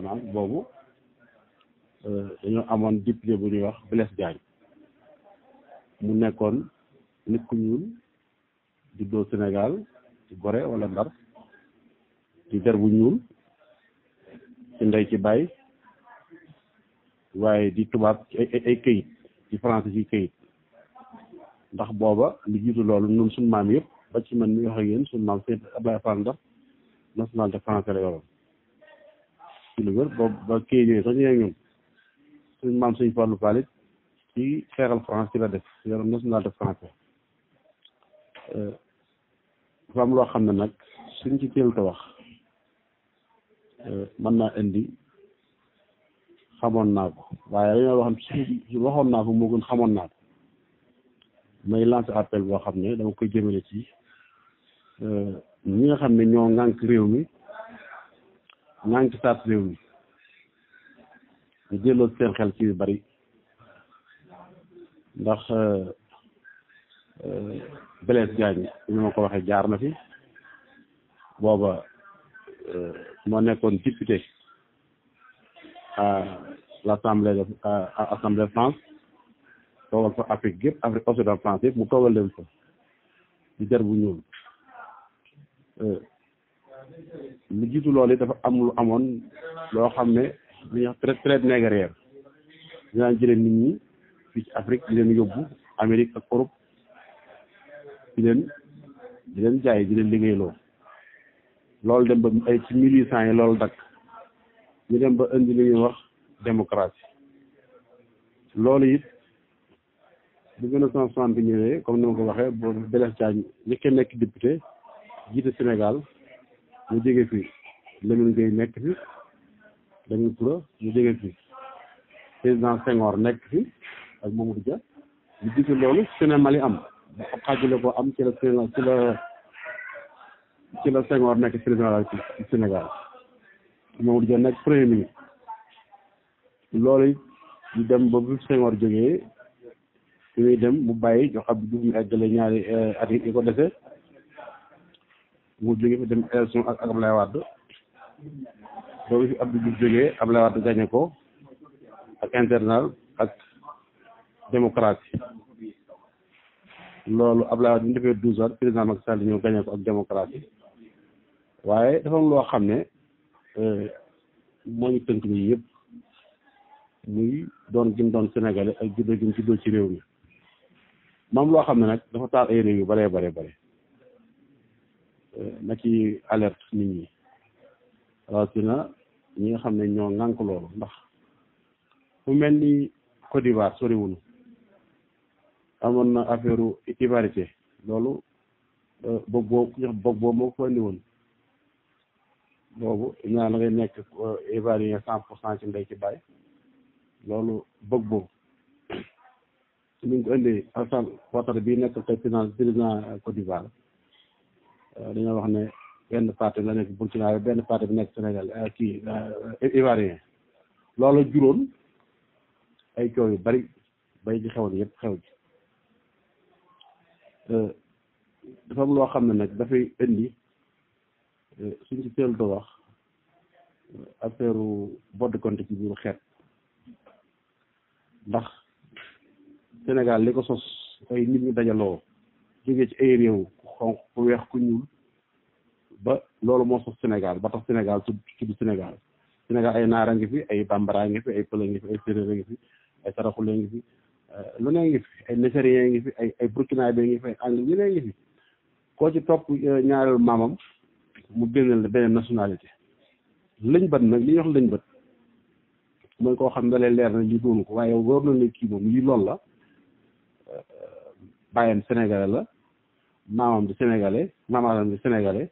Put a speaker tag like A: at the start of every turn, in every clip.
A: anam boobu euh, dañoo amoon député bu ñuy wax Blaise Diagne mu nekkoon nit ku ñuul juddoo Sénégal ci Gorée wala Ndar di der bu ñuul ci ndey ci baay waaye di tubaab ci ay ay këyit ci français ci këyit ndax booba lu jiitu loolu ñun suñu maam yëpp ba ci man mi wax ak yéen suñu maam Seydou Ablaye Fall Ndar nationalité français la yoroon ci lu wér ba ba kii ñëwee sax ñu ne ñoom suñ maam suñ Fallou Fall ci xeexal France ci la def yoroon nationalité français euh, dafa am loo xam ne nag suñ ci teel te wax euh, mën naa indi xamoon naa ko waaye dañoo waxoon si waxoon naa ko moo gën xamoon naa ko may lancer appel boo xam ne dama koy jëmale ci euh, ñi nga xam ne ñoo ŋànk réew mi. ñaa ngi ci saat réew mi ñu seen xel ci yu bari ndax euh, euh, Blaise Diagne ñu ma ko waxee jaar na fi booba euh, moo nekkoon député à l'assemblée de France toogal fa Afrique yëpp Afrique occidentale France yëpp mu toogal ko fa di jar bu ñuul lu jiitu loolu dafa am lu amoon loo xam ne lu ñuy wax traite traite négrière ñu nit ñi fii ci Afrique di leen yóbbu Amérique ak Europe di leen di leen jaay di leen liggéeyloo loolu dem ba ay ci mille huit yi loolu dakk ñu dem ba indi li ñuy wax démocratie loolu it bi mille neuf cent soixante bi ñëwee comme ni ma ko waxee boobu Blaise Diagne njëkkee nekk député jiite Sénégal mu jóge fii Lamine Gueye nekk fi Lamine Toura mu jóge fii président Senghor nekk fi ak Mamadou Dia ñu gis loolu cinéma li am ba xaajale ko am ci la ci la ci la Senghor nekk président ci Sénégal Mamadou Dia nekk premier loolu ñu dem ba bu Senghor jógee su ñuy dem mu bàyyi jox ab Diouf mu eggale ñaari eh, at yi ko dese mu jóge fi dem élection ak Abdoulaye Wade boobu fi Abdou Diouf ko ak internal ak démocratie loolu Abdoulaye Wade bi ñu defee douze ak démocratie waaye dafa loo xam ne moo ñu tënk nii yëpp muy doon gim doon sénégalais ak juddoo gim juddoo ci réew mi moom loo xam ne nag dafa taal ay réew yu bare bare bare nag yi alerte nit ñi rawatina ñi nga xam ne ñoo ŋànk loolu ndax fu mel ni Côte d'Ivoire soriwunu amoon na affaire ivarité loolu euh, boog boobu boog boobu moo ko woon boobu ñaa la ngay nekk ivoirien euh, cent pour cent ci ndey ci bàyyi loolu bëgg boobu ñu ngi ko indee Alassane Ouattara bii nekk tey président président Côte d'Ivoire Euh, dañoo wax ne benn parti la nekk Burkina benn parti bu nekk Sénégal euh, kii euh, Ivoirien loola juróon ay coow yu bari bay ci xewoon yëpp xew bi am loo xam ne nag dafay indi suñ ci teel doo wax affaire bodd compte ci biir xeet ndax Sénégal li ko sos ay nit ñu dajaloo jógee ci ay réew donc ku weex ku ñuul ba loolu moo sos Sénégal ba tax Sénégal tudd Sénégal Sénégal ay naara ngi fi ay bambara ngi fi ay pël ngi ngi fi ay saraxule ngi euh, lu ne ngi fi ay nigérien ngi fi ay ay burkinabé ngi ngi fi koo ci topp euh, ñaareel maamam mu génneel la beneen nationalité lëñbët nag li ñuy wax lëñbët mooy koo xam ne leer na lii ko waaye wóor na ne kii moom lii loolu la euh, bàyyam Sénégal la maamam di sénégalais maamaatam di sénégalais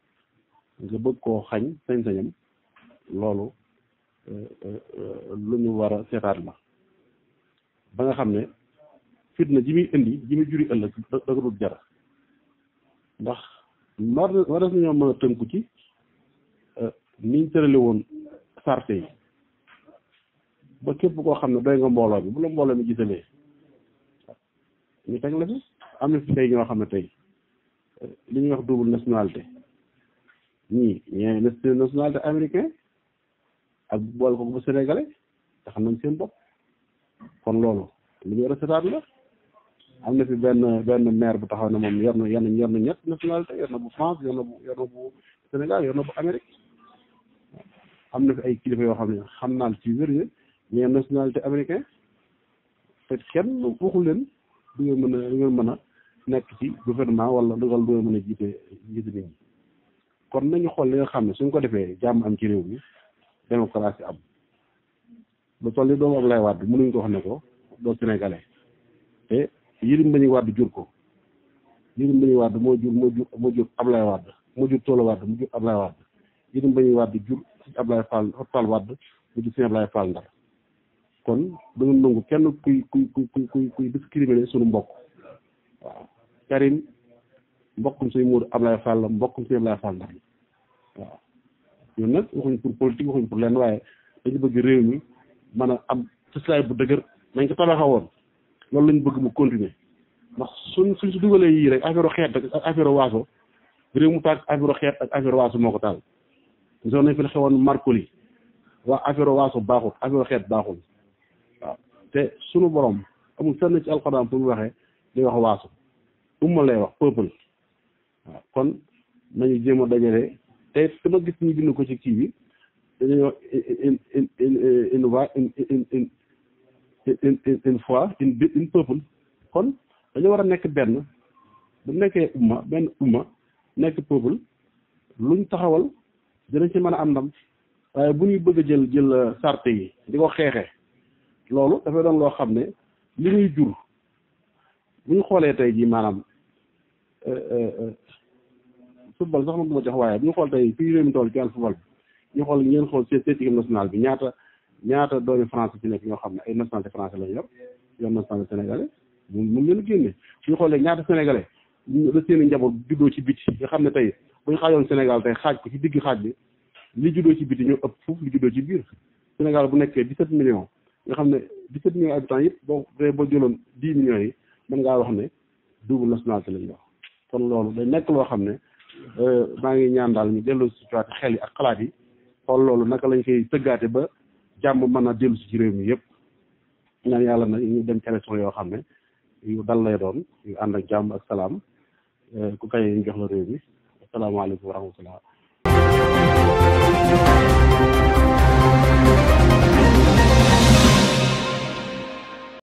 A: nga bëgg koo xañ sañ-sañam loolu euh, euh, lu ñu war a seetaat la ba nga xam ne fitna ji muy indi ji muy juri ëllëg da ko dul jar ndax war war des nañoo mën a tënku ci euh, niñ tërale woon sarte yi ba képp koo xam ne doy nga mbooloo bi bu la mbooloo mi gisalee ñu teg la fi am na fi tey ñoo xam ne tey li ñuy wax double nationalité ñii ñee nationalité américain ak boole ko bu sénégalais te xam nañ seen bopp kon loolu li ñu war la am na fi benn benn maire bu taxaw ne moom yor na yor na ñett nationalité yor na bu France yor na bu yor na bu Sénégal yor na bu Amérique am na fi ay kilifa yoo xam ne xam naa ci wér yi ñee nationalité américain te kenn waxu du ngeen mën a du ngeen mën a nekk ci gouvernement wala dogal bu mën a jiite jiite nit ñi kon nañu xool li nga xam ne suñ ko defee jàmm am ci réew mi démocratie am lu toll ni doomu Abdoulaye Wade mënuñ ko wax ne ko doo sénégalais te Yérim Mbagnick Wade jur ko Yérim Mbagnick Wade moo jur moo jur moo jur Abdoulaye moo jur Toola Wade mu jur Abdoulaye Wade Yérim Mbagnick Wade jur si Abdoulaye Fall Fall Wade mu jur si Abdoulaye Fall Ndar kon da nga nangu kenn kuy kuy kuy kuy kuy discriminer suñu mbokk Karim mbokkum sëñ Modou Ablaye Fall la mbokkum sëñ Ablaye Fall la waaw ñun nag waxuñ pour politique waxuñ pour lenn waaye dañu bëgg réew mi mën a am sëslaay bu dëgër nañ ko tabaxa woon loolu lañ bëgg mu continuer ndax suñ suñ si dugalee yii rek affaire xeet rek ak affaire waaso réew mu tàkk affaire xeet ak affaire waaso moo ko taal gisoon nañ fi la xewoon Marcoli waa affaire waaso baaxul affaire xeet baaxul waaw te sunu borom amul fenn ci alxuraan fu mu waxee di wax waaso umma lay wax peuple waaw kon nañu jéem a dajale te dama gis ñu gind ko ci kii bi dañuy wax fois une une peuple kon dañu war a nekk benn bu nekkee umma benn umma nekk peuple luñ taxawal dinañ ci mën a am ndam waaye bu ñuy bëgg a jël jël sarte yi di ko xeexee loolu dafay doon loo xam ne li muy jur bu ñu xoolee tey jii maanaam euh, euh, euh, football sax man du ma jox waaye bu ñu xool tey fii réew mi toll ci wàllu football bi ñu xool ngeen xool seen seen équipe nationale bi ñaata ñaata doomi France ci nekk ñoo xam ne ay nationalité français lañu yor yor nationalité sénégalais mu mu leen bu ñu xoolee ñaata sénégalais la seen i njaboot juddoo ci biti nga xam ne tey bu ñu xaajoon Sénégal tey xaaj ko ci digg xaaj bi li juddoo ci biti ñoo ëpp foofu li juddoo ci biir Sénégal bu nekkee 17 millions nga xam ne 17 millions habitants yëpp boo boo jëloon 10 mën ngaa wax ne double nationalité lañuy wax kon loolu day nekk loo xam ne euh, maa ngi ñaan daal ñu dellu si waat xel yi ak xalaat yi xool loolu naka lañ koy tëggaate ba jàmm mën a dellu si ci réew mi yëpp ñaan yàlla na ñu dem ci élection yoo xam ne yu dal lay doon yu ànd ak jàmm ak salaam euh, ku kay ñu jox la réew mi asalaamaaleykum wa rahmatullah